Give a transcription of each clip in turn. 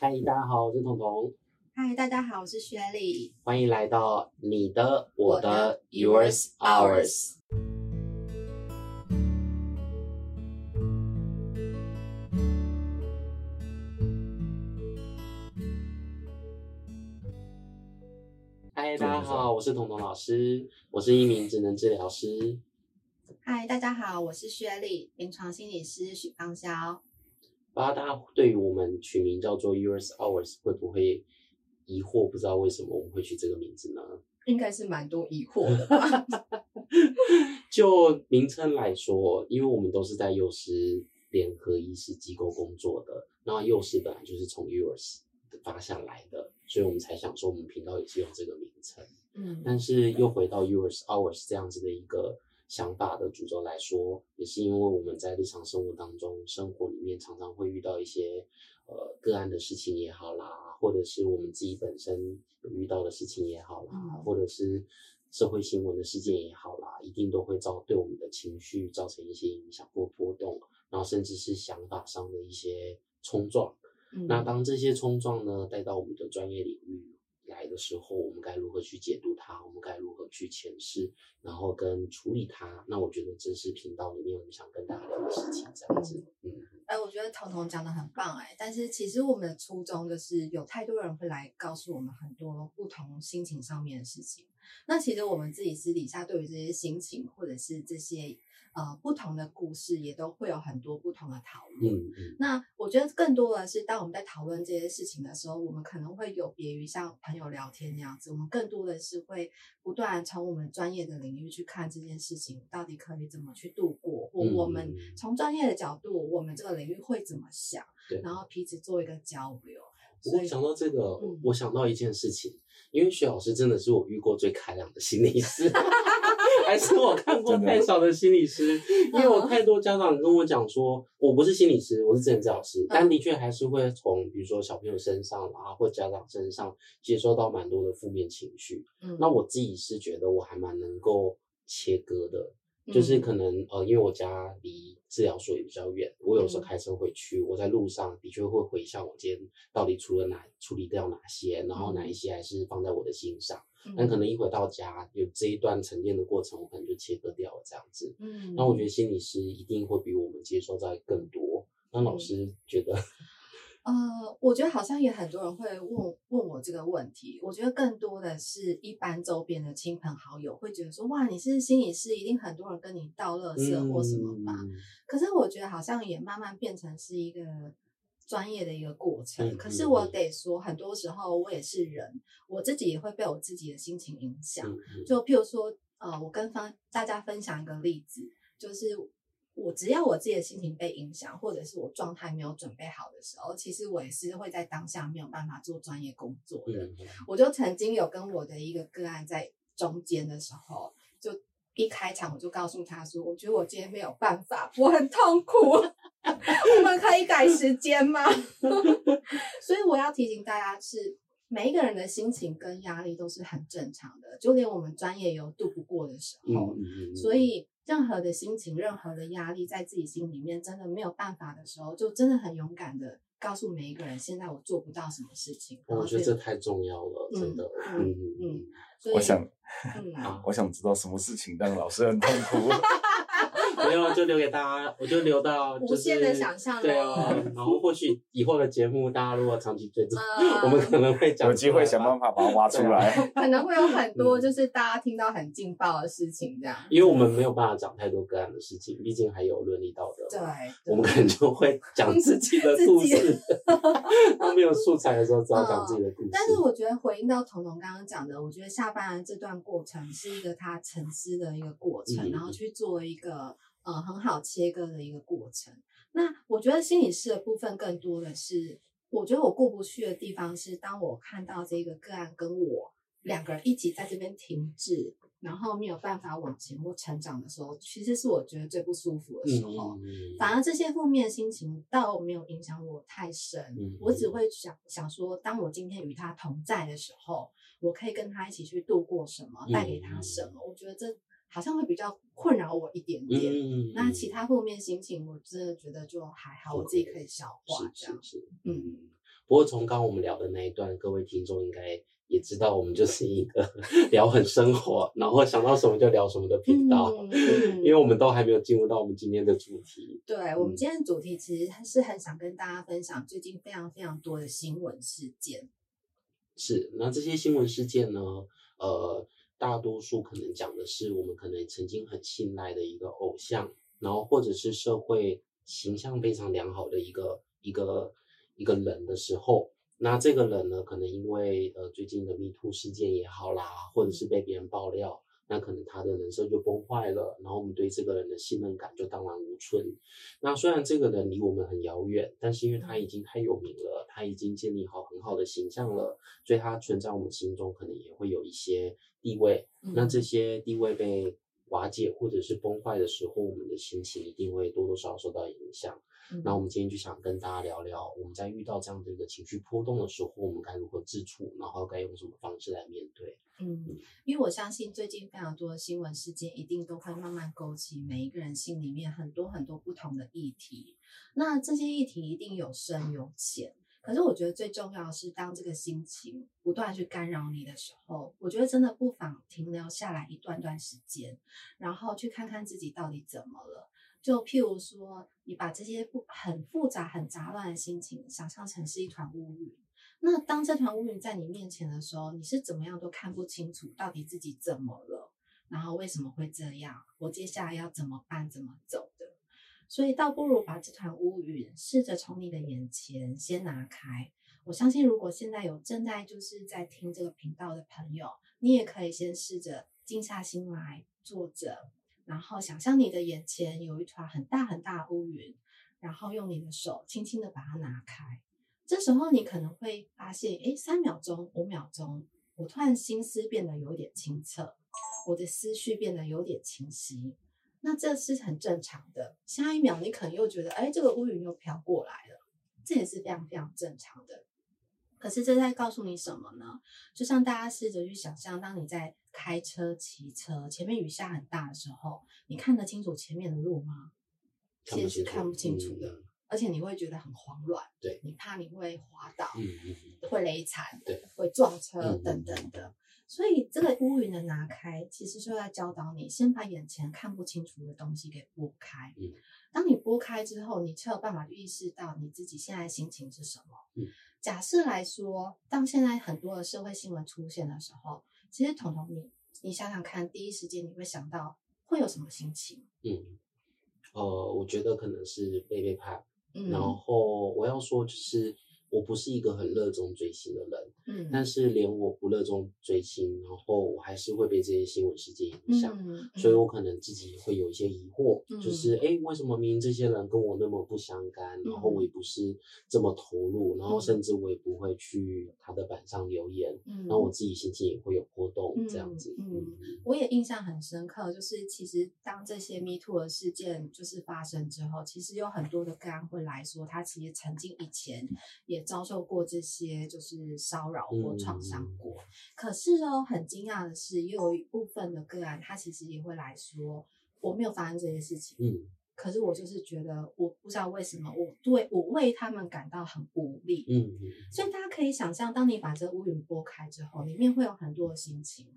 嗨，Hi, 大家好，我是彤彤。嗨，大家好，我是雪莉。歡迎來到你的、我的、的 yours ours。嗨，大家好，我是彤彤老師，我是一名職能治療師。嗨，大家好，我是雪莉，臨床心理師許芳瀟。不知道大家對於我們取名叫做 Yours Hours 會不會疑惑？不知道為什麼我們會取這個名字呢？應該是蠻多疑惑的。 就名稱來說，因為我們都是在幼思聯合醫師機構工作的，然後幼思本來就是從 Yours 發下來的，所以我們才想說我們頻道也是用這個名稱。嗯，但是又回到 Yours Hours 這樣子的一個。想法的主軸來說，也是因為我們在日常生活當中、生活裡面常常會遇到一些呃個案的事情也好啦，或者是我們自己本身有遇到的事情也好啦，嗯、或者是社會新聞的事件也好啦，一定都會造對我們的情緒造成一些影響或波動，然後甚至是想法上的一些衝撞。嗯、那當這些衝撞呢，帶到我們的專業領域。時候我們該如何去解讀它？我們該如何去詮釋？然後跟處理它？那我覺得這是頻道裡面，我們想跟大家聊的事情，這樣子。哎，我覺得彤彤講的很棒哎、欸。但是其實我們的初衷就是，有太多人會來告訴我們很多不同心情上面的事情。那其實我們自己私底下對於這些心情，或者是這些。呃，不同的故事也都會有很多不同的討論。嗯嗯、那我覺得更多的是，當我們在討論這些事情的時候，我們可能會有別於像朋友聊天那樣子。我們更多的是會不斷從我們專業的領域去看這件事情到底可以怎麼去度過，嗯、或我們從專業的角度，我們這個領域會怎麼想，嗯、然後彼此做一個交流。對以我想到這個，嗯、我想到一件事情，因為徐老師真的是我遇過最開朗的心理師。 還是我看過太少的心理師， 因為我太多家長跟我講說，我不是心理師，我是職能治療師。嗯、但的確還是會從，比如說小朋友身上啊，或家長身上，接收到蠻多的負面情緒。嗯，那我自己是覺得我還蠻能夠切割的，就是可能、嗯、呃，因為我家離治療所也比較遠，我有時候開車回去，嗯、我在路上的確會回想我今天到底處了哪，處理掉哪些，然後哪一些還是放在我的心上。但可能一回到家，有這一段沉澱的過程，我可能就切割掉了這樣子。嗯，那我覺得心理師一定會比我們接收到更多。那老師覺得、嗯？ 呃，我覺得好像也很多人會問問我這個問題。我覺得更多的是一般周邊的親朋好友會覺得說，哇，你是心理師，一定很多人跟你倒垃圾或什麼吧？嗯、可是我覺得好像也慢慢變成是一個。專業的一個過程，可是我得說，很多時候我也是人，我自己也會被我自己的心情影響。就譬如說，呃，我跟方大家分享一個例子，就是我只要我自己的心情被影響，或者是我狀態沒有準備好的時候，其實我也是會在當下沒有辦法做專業工作的。 我就曾經有跟我的一個個案在中間的時候，就一開場我就告訴他說：“我覺得我今天沒有辦法，我很痛苦。”我們。可以改時間嗎？ 所以我要提醒大家是，是每一個人的心情跟壓力都是很正常的，就連我們專業有度不過的時候，嗯嗯嗯、所以任何的心情、任何的壓力，在自己心裡面真的沒有辦法的時候，就真的很勇敢的告訴每一個人：現在我做不到什麼事情、嗯。我覺得這太重要了，真的。嗯嗯，嗯所以我想，嗯、我想知道什麼事情讓老師很痛苦。 沒有，就留給大家，我就留到無限的想象。對哦，然後或許以後的節目，大家如果長期追蹤，我們可能會有機會想辦法把它挖出來。可能會有很多，就是大家聽到很勁爆的事情，這樣。因為我們沒有辦法講太多個案的事情，畢竟還有倫理道德。對，我們可能就會講自己的故事。哈，都沒有素材的時候，只好講自己的故事。但是我覺得回應到彤彤剛剛講的，我覺得下班的這段過程是一個他沉思的一個過程，然後去做一個。嗯、呃，很好切割的一個過程。那我覺得心理師的部分更多的是，我覺得我過不去的地方是，當我看到這個個案跟我兩個人一起在這邊停滯，然後沒有辦法往前或成長的時候，其實是我覺得最不舒服的時候。Mm hmm. 反而這些負面心情倒沒有影響我太深，mm hmm. 我只會想想說，當我今天與他同在的時候，我可以跟他一起去度過什麼，帶給他什麼？Mm hmm. 我覺得這。好像會比較困擾我一點點。嗯，那其他負面心情，我真的覺得就還好，我自己可以消化這樣子。嗯。不過從剛剛我們聊的那一段，各位聽眾應該也知道，我們就是一個聊很生活，然後想到什麼就聊什麼的頻道。嗯，因為我們都還沒有進入到我們今天的主題。對，嗯，我們今天的主題其實還是很想跟大家分享最近非常非常多的新聞事件。是，那這些新聞事件呢？呃。大多數可能講的是我們可能曾經很信賴的一個偶像，然後或者是社會形象非常良好的一個一個一個人的時候，那這個人呢，可能因為呃最近的 MeToo 事件也好啦，或者是被別人爆料。那可能他的人設就崩壞了，然後我們對這個人的信任感就蕩然無存。那雖然這個人離我們很遙遠，但是因為他已經太有名了，他已經建立好很好的形象了，所以他存在我們心中可能也會有一些地位。嗯、那這些地位被。瓦解，或者是崩壞的時候，我們的心情一定會多多少少受到影響。嗯、那我們今天就想跟大家聊聊，我們在遇到這樣的一個情緒波動的時候，我們該如何自處，然後該用什麼方式來面對？嗯，嗯，因為我相信最近非常多的新聞事件，一定都會慢慢勾起每一個人心裡面很多很多不同的議題。那這些議題一定有深有淺。可是我覺得最重要的是，當這個心情不斷去干擾你的時候，我覺得真的不妨停留下來一段段時間，然後去看看自己到底怎麼了。就譬如說，你把這些不很複雜、很雜亂的心情想象成是一團烏雲，那當這團烏雲在你面前的時候，你是怎麼樣都看不清楚到底自己怎麼了，然後為什麼會這樣，我接下來要怎麼辦、怎麼走。所以倒不如把這團烏雲試着從你的眼前先拿開。我相信，如果現在有正在就是在聽這個頻道的朋友，你也可以先試着靜下心來坐着，然後想象你的眼前有一團很大很大烏雲，然後用你的手輕輕的把它拿開。這時候你可能會發現，哎，三秒鐘、五秒鐘，我突然心思變得有點清澈，我的思緒變得有點清晰。那這是很正常的，下一秒你可能又覺得，哎，這個烏雲又飄過來了，這也是非常非常正常的。可是這在告訴你什麼呢？就像大家試着去想象，當你在開車、騎車，前面雨下很大的時候，你看得清楚前面的路嗎？其實是看不清楚的，嗯、而且你會覺得很慌亂，對你怕你會滑倒，嗯嗯嗯、會雷殘，對會撞車等等的。嗯嗯嗯所以，這個烏雲的拿開，其實就在教導你，先把眼前看不清楚的東西給撥開。嗯，當你撥開之後，你才有辦法意識到你自己現在心情是什麼。嗯，假設來說，當現在很多的社會新聞出現的時候，其實彤彤，你你想想看，第一時間你會想到會有什麼心情？嗯，呃，我覺得可能是被背叛。嗯，然後我要說就是。我不是一個很熱衷追星的人，嗯，但是連我不熱衷追星，然後我還是會被這些新聞事件影響，嗯嗯、所以我可能自己也會有一些疑惑，嗯、就是哎、欸，為什麼明明這些人跟我那麼不相干，嗯、然後我也不是這麼投入，嗯、然後甚至我也不會去他的板上留言，嗯、然後我自己心情也會有波動這樣子。嗯，嗯嗯我也印象很深刻，就是其實當這些 MeToo 的事件就是發生之後，其實有很多的干會來說，他其實曾經以前也。也遭受過這些就是騷擾或創傷過，嗯、可是哦、喔，很驚訝的是，也有一部分的個案，他其實也會來說，我沒有發生這些事情，嗯、可是我就是覺得，我不知道為什麼，我對我為他們感到很無力、嗯，嗯，所以大家可以想象，當你把這烏雲撥開之後，裡面會有很多的心情，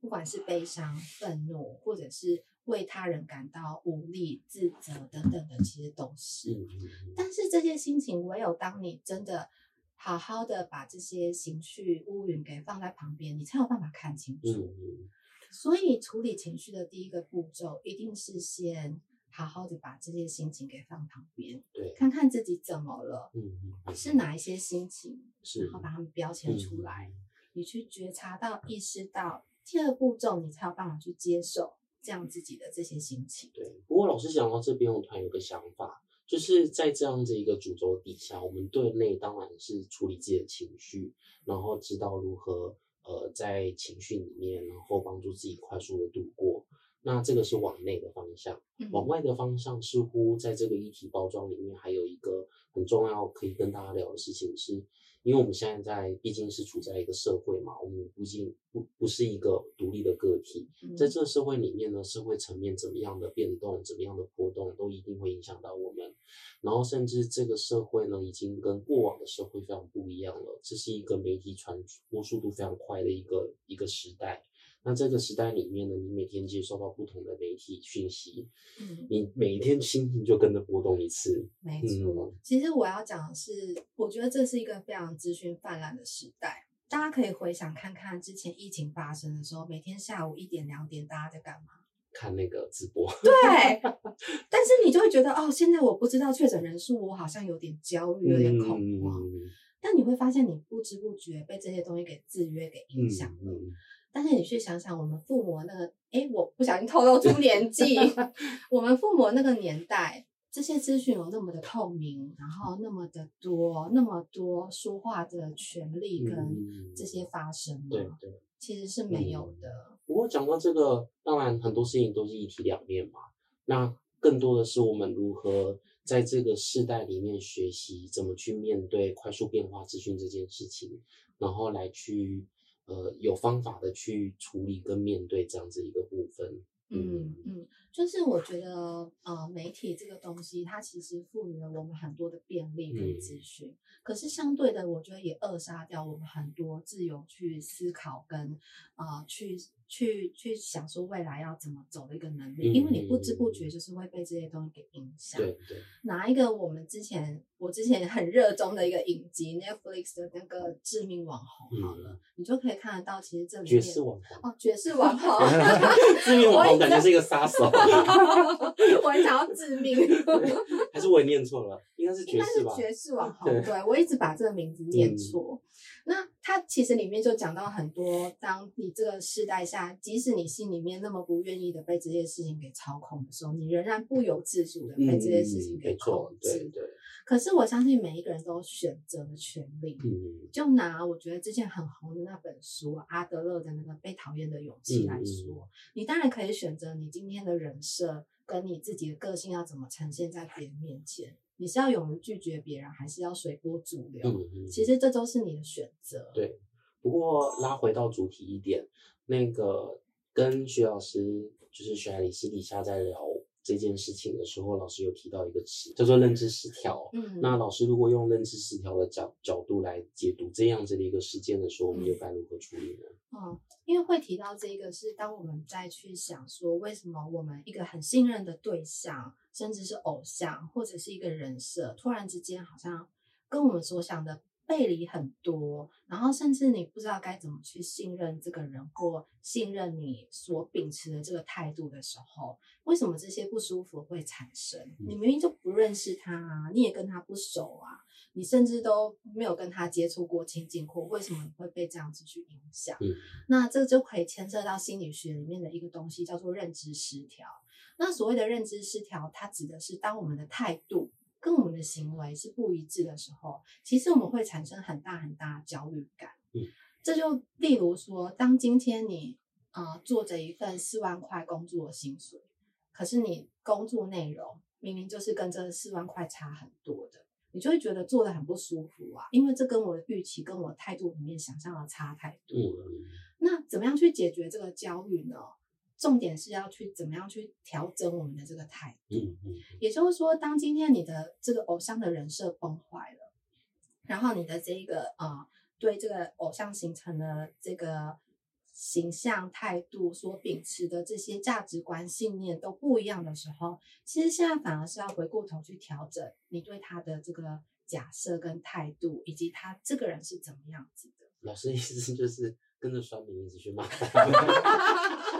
不管是悲傷、憤怒，或者是。為他人感到無力，自責等等的，其實都是。嗯嗯嗯，但是這些心情，唯有當你真的好好的把這些情緒烏雲給放在旁邊，你才有辦法看清楚。嗯嗯，所以處理情緒的第一個步驟，一定是先好好的把這些心情給放旁邊。對看看自己怎麼了。嗯嗯嗯，是哪一些心情？是然後把它們標籤出來，嗯，你去覺察到，意識到。第二步驟，你才有辦法去接受。這樣自己的這些心情，對。不過老師講到這邊，我突然有個想法，就是在這樣子一個主軸底下，我們對內當然是處理自己的情緒，然後知道如何呃，在情緒裡面，然後幫助自己快速的度過。那這個是往內的方向，嗯、往外的方向似乎在這個議題包裝裡面，還有一個很重要可以跟大家聊的事情是。因為我們現在在畢竟是處在一個社會嘛，我們畢竟不不是一個獨立的個體，在這個社會裡面呢，社會層面怎麼樣的變動、怎麼樣的波動，都一定會影響到我們。然後，甚至這個社會呢，已經跟過往的社會非常不一樣了。這是一個媒體傳播速度非常快的一個一個時代。那這個時代裡面呢，你每天接收到不同的媒體訊息，嗯、你每天心情就跟着波動一次。沒錯錯，嗯、其實我要講的是，我覺得這是一個非常資訊氾濫的時代。大家可以回想看看，之前疫情發生的時候，每天下午一點兩點，大家在幹嘛？看那個直播。對， 但是你就會覺得，哦，現在我不知道確診人數，我好像有點焦慮，有點恐慌。嗯、但你會發現，你不知不覺被這些東西給制約、給影響了。嗯嗯但是你去想想，我們父母那個，哎，我不小心透露出年紀。對 我們父母那個年代，這些資訊有那麼的透明，然後那麼的多，那麼多說話的權利跟這些發生、嗯，對對，其實是沒有的、嗯。不過講到這個，當然很多事情都是一體兩面嘛。那更多的是我們如何在這個世代裡面學習，怎麼去面對快速變化資訊這件事情，然後來去。呃，有方法的去處理跟面對這樣子一個部分，嗯嗯，嗯，就是我覺得呃，媒體這個東西，它其實賦予了我們很多的便利跟資訊，嗯，可是相對的，我覺得也扼殺掉我們很多自由去思考跟。啊、呃，去去去想說未來要怎麼走的一個能力，嗯、因為你不知不覺就是會被這些東西給影響。對對。拿一個我們之前我之前很熱衷的一個影集 Netflix 的那個致命網紅，好了，嗯、你就可以看得到，其實這裡面哦，絕世網紅，致命網紅感覺是一個殺手。 我想要致命， 還是我也念錯了，應該是應該是絕世網紅，是對，對我一直把這個名字念錯。嗯、那它其實裡面就講到很多當地。這個世代下，即使你心裡面那麼不願意的被這些事情給操控的時候，你仍然不由自主的被這些事情給控制。嗯嗯。對，對。可是我相信每一個人都有選擇的權利。嗯嗯。就拿我覺得之前很紅的那本書阿德勒的那個《被討厭的勇氣》來說，嗯嗯嗯。你當然可以選擇你今天的人設跟你自己的個性要怎麼呈現在別人面前。你是要勇於拒絕別人，還是要隨波逐流？嗯嗯嗯。其實這都是你的選擇。嗯嗯嗯。對。不過拉回到主題一點，那個跟徐老師就是徐海里私底下在聊這件事情的時候，老師有提到一個詞叫做認知失調。嗯，那老師如果用認知失調的角角度來解讀這樣子的一個事件的時候，我們又該如何處理呢？嗯、哦，因為會提到這一個，是當我們再去想說，為什麼我們一個很信任的對象，甚至是偶像，或者是一個人設，突然之間好像跟我們所想的。背離很多，然後甚至你不知道該怎麼去信任這個人或信任你所秉持的這個態度的時候，為什麼這些不舒服會產生？你明明就不認識他啊，你也跟他不熟啊，你甚至都沒有跟他接觸過、親近過，為什麼你會被這樣子去影響？嗯，那這就可以牽涉到心理學裡面的一個東西，叫做認知失調。那所謂的認知失調，它指的是當我們的態度。跟我們的行為是不一致的時候，其實我們會產生很大很大的焦慮感。嗯，這就例如說，當今天你啊、呃、做着一份四萬塊工作的薪水，可是你工作內容明明就是跟這四萬塊差很多的，你就會覺得做得很不舒服啊，因為這跟我的預期、跟我態度裡面想象的差太多了。那怎麼樣去解決這個焦慮呢？重點是要去怎麼樣去調整我們的這個態度，嗯嗯嗯、也就是說，當今天你的這個偶像的人設崩壞了，然後你的這個、呃、對這個偶像形成的這個形象態度所秉持的這些價值觀信念都不一樣的時候，其實現在反而是要回過頭去調整你對他的這個假設跟態度，以及他這個人是怎麼樣子的。老師的意思就是跟着酸民一直去罵他。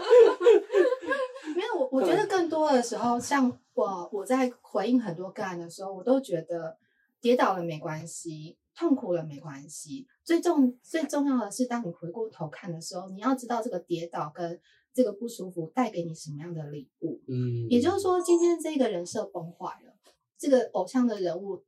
對我覺得更多的時候，像我我在回應很多個案的時候，我都覺得跌倒了沒關係，痛苦了沒關係。最重最重要的是，當你回過頭看的時候，你要知道這個跌倒跟這個不舒服帶給你什麼樣的禮物。嗯，也就是說，今天這個人設崩壞了，這個偶像的人物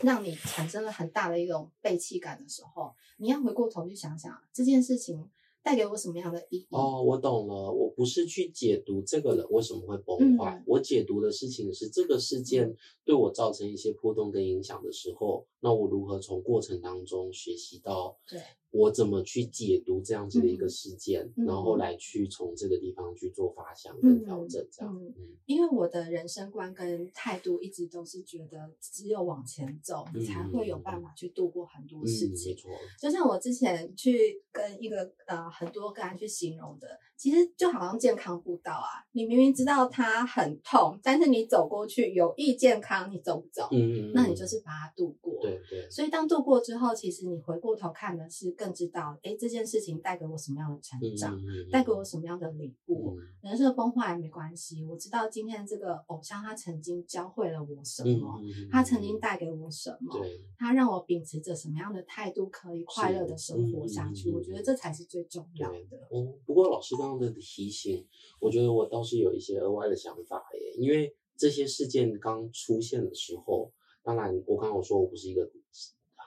讓你產生了很大的一種背棄感的時候，你要回過頭去想想這件事情。帶給我什麼樣的意義？哦，我懂了。我不是去解讀這個人為什麼會崩壞，嗯、我解讀的事情是這個事件對我造成一些波動跟影響的時候，那我如何從過程當中學習到？對。我怎麼去解讀這樣子的一個事件，嗯嗯、然後來去從這個地方去做發想跟調整，這樣。因為我的人生觀跟態度一直都是覺得，只有往前走，嗯、你才會有辦法去度過很多事情。嗯嗯、沒錯，就像我之前去跟一個呃很多個案去形容的，其實就好像健康步道啊，你明明知道它很痛，但是你走過去有益健康，你走不走？嗯嗯，那你就是把它度過。嗯、對，對對。所以當度過之後，其實你回過頭看的是。更知道，哎、欸，這件事情帶給我什麼樣的成長，嗯嗯、帶給我什麼樣的禮物。嗯、人設崩壞也沒關係，我知道今天這個偶像他曾經教會了我什麼，嗯嗯、他曾經帶給我什麼，嗯、他讓我秉持着什麼樣的態度可以快樂的生活下去。嗯、我覺得這才是最重要的。我，不過老師剛剛的提醒，我覺得我倒是有一些額外的想法耶。因為這些事件剛出現的時候，當然我剛剛我說我不是一個。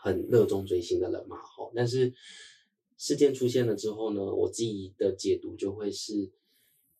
很熱衷追星的人嘛，吼！但是事件出現了之後呢，我自己的解讀就會是，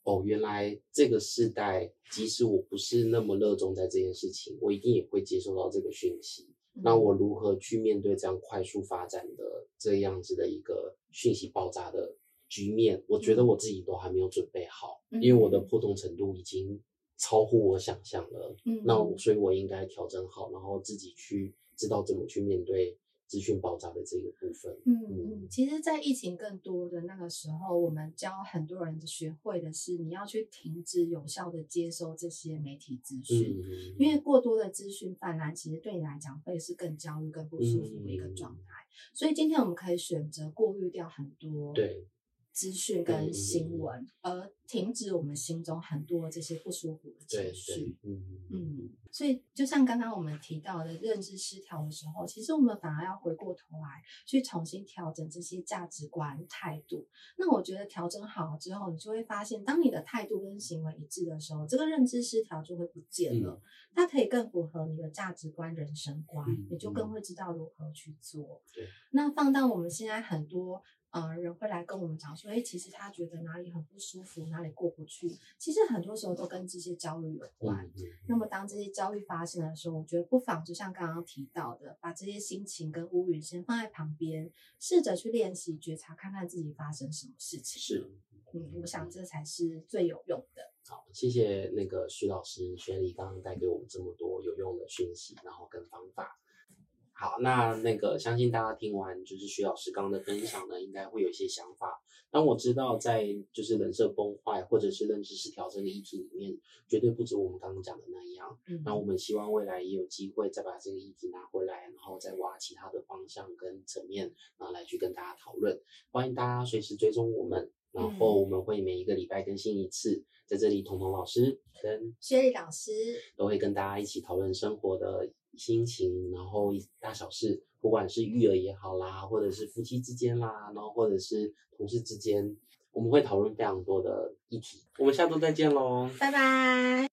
哦，原來這個世代，即使我不是那麼熱衷在這件事情，我一定也會接收到這個訊息。那我如何去面對這樣快速發展的這樣子的一個訊息爆炸的局面？我覺得我自己都還沒有準備好，因為我的破洞程度已經超乎我想象了。那所以我應該調整好，然後自己去知道怎麼去面對資訊爆炸的這個部分。嗯嗯，其實，在疫情更多的那個時候，我們教很多人學會的是，你要去停止有效的接收這些媒體資訊，嗯嗯、因為過多的資訊反而其實對你來講，會是更焦慮、更不舒服的一個狀態。嗯嗯、所以，今天我們可以選擇過濾掉很多。對。資訊跟新聞，對而停止我們心中很多這些不舒服的情緒。嗯嗯，所以就像剛剛我們提到的認知失調的時候，其實我們反而要回過頭來去重新調整這些價值觀、態度。那我覺得調整好了之後，你就會發現，當你的態度跟行為一致的時候，這個認知失調就會不見了。嗯、它可以更符合你的價值觀、人生觀，你、嗯、就更會知道如何去做。對，那放到我們現在很多。呃，人會來跟我們講說，誒、欸、其實他覺得哪裡很不舒服，哪裡過不去。其實很多時候都跟這些焦慮有關。嗯嗯、那麼當這些焦慮發生的時候，我覺得不妨就像剛剛提到的，把這些心情跟烏雲先放在旁邊，試着去練習覺察，看看自己發生什麼事情。是，嗯，我想這才是最有用的。好，謝謝那個徐老師、雪莉剛剛帶給我們這麼多有用的訊息，然後跟方法。好，那那個相信大家聽完就是徐老師剛剛的分享呢，應該會有一些想法。但我知道，在就是人設崩壞或者是認知失調這個議題裡面，絕對不止我們剛剛講的那樣。嗯，那我們希望未來也有機會再把這個議題拿回來，然後再挖其他的方向跟層面，然後來去跟大家討論。歡迎大家隨時追蹤我們，然後我們會每一個禮拜更新一次，在這裡彤彤老師跟薛力老師都會跟大家一起討論生活的。心情、然後一大小事，不管是育兒也好啦，或者是夫妻之間啦，然後或者是同事之間，我們會討論非常多的議題。我們下周再見嘍，拜拜。